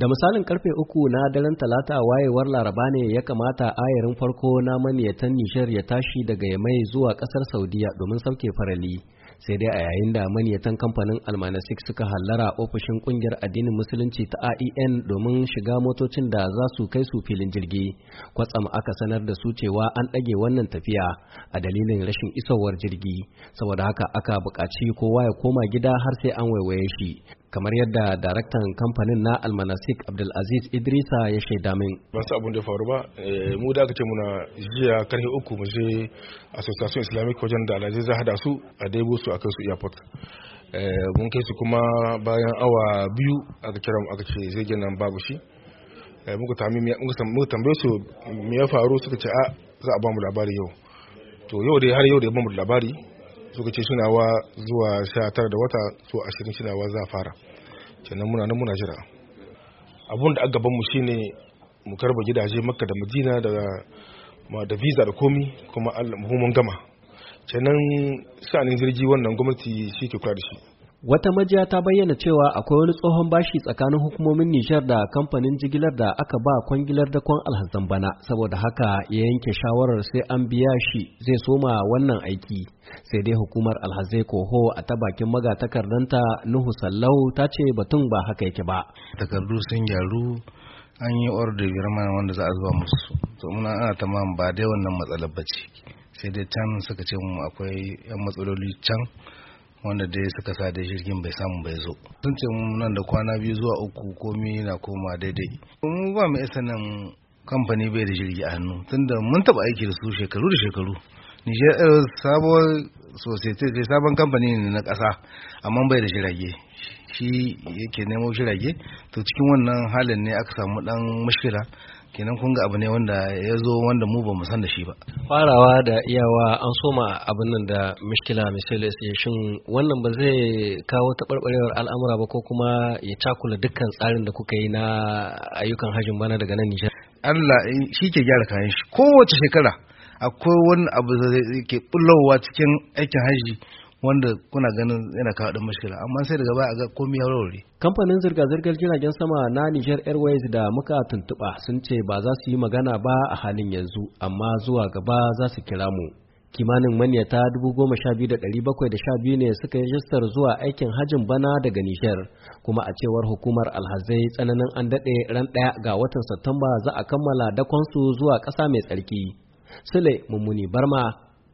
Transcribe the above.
Da misalin karfe uku na daren talata wayewar laraba ne ya kamata ayarin farko na mamiyatan nishar ya tashi daga ya mai zuwa kasar Saudiya domin sauke farali. Sai dai a yayin da maniyatan kamfanin Almanasik suka hallara ofishin kungiyar addinin musulunci ta AEN domin shiga motocin da za su kai su filin jirgi. Kwatsam aka sanar da su cewa an ɗage wannan tafiya a dalilin rashin isowar jirgi. Saboda haka aka buƙaci kowa ya koma gida har sai an waiwaye shi. kamar yadda daraktan kamfanin na almanasik abdulaziz idrisa ya shaida min ba su abin da faru ba eh, mu da aka ce muna jiya karfe uku mu je association islamic wajen da alhaji za hada su a daibo su akan su airport eh, mun kai su kuma bayan awa biyu aka kira aka ce zai gina babu shi eh, muka tambaye su me ya faru suka ce a ah, za a ba mu labari yau to yau dai har yau da ya ba mu labari suka ce shinawa zuwa sha tara da wata zuwa ashirin shinawa za fara kenan muna nan muna jira abun da gaban mu shine mu karba gidaje makka da madina da ma da visa da komi kuma mun gama kenan sanin jirgi wannan gwamnati shi ke kula da shi Wata majiya ta bayyana cewa akwai wani tsohon bashi tsakanin hukumomin Nijar da kamfanin jigilar da aka ba kwangilar dakon alhazan bana, saboda haka ya yanke shawarar sai an biya shi zai soma wannan aiki. Sai dai hukumar alhazai koho a ta bakin magatakardanta Nuhu Sallau ta ce batun ba haka yake ba. Takardu sun gyaru an yi order wanda za a zuba musu. To muna ana tamam ba dai wannan matsalar ba ce. Sai dai can suka ce mu akwai 'yan matsaloli can. wanda dai suka sa dai jirgin bai samu bai zo sun ce nan da kwana biyu zuwa uku komi na koma daidai mu ba mu isa nan kamfani bai da jirgi a hannu tunda mun taba aiki da su shekaru da shekaru Nijar sabuwar society ce eh, sabon kamfani ne na ƙasa amma bai da jirage shi yake nemo jirage to cikin wannan halin ne aka samu dan mushkila kenan kun ga abu ne wanda ya zo wanda mu ba mu san da shi ba farawa da iyawa an soma abin nan da mishkila misali shin wannan ba zai kawo taɓarɓarewar al'amura ba ko kuma ya cakula dukkan tsarin da kuka yi na ayyukan hajjin bana daga nan nishar Allah eh, shi ke gyara kayan shi kowace shekara akwai wani abu da ke bullowa cikin aikin hajji wanda kuna ganin yana kawo da mashkila amma sai daga baya ga komi ya rauri kamfanin zirga-zirgar jiragen sama na Niger Airways da muka tuntuɓa sun ce ba za su yi magana ba a halin yanzu amma zuwa gaba za su kira mu kimanin manyata 12,712 ne suka yi rajistar zuwa aikin hajin bana daga Nijar kuma a cewar hukumar alhazai tsananin an daɗe ran ɗaya ga watan Satumba za a kammala dakonsu zuwa ƙasa mai tsarki. Sule Mummuni Barma